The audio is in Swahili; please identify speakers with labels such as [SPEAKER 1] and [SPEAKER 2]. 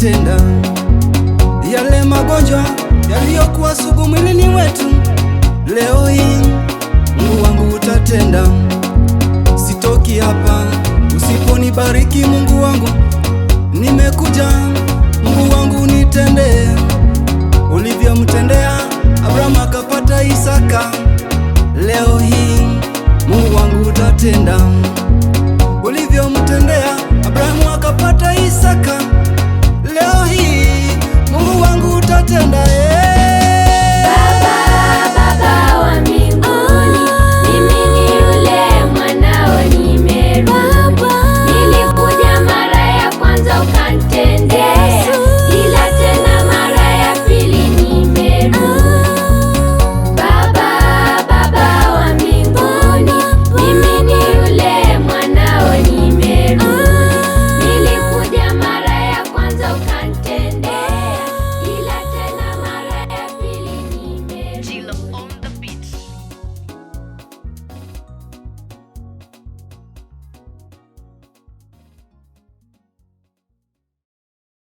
[SPEAKER 1] kutenda yale magonjwa yaliyokuwa sugu mwilini wetu, leo hii Mungu wangu utatenda. Sitoki hapa usiponibariki Mungu wangu, nimekuja Mungu wangu nitendee ulivyomtendea Abrahamu akapata Isaka, leo hii Mungu wangu utatenda ulivyomtendea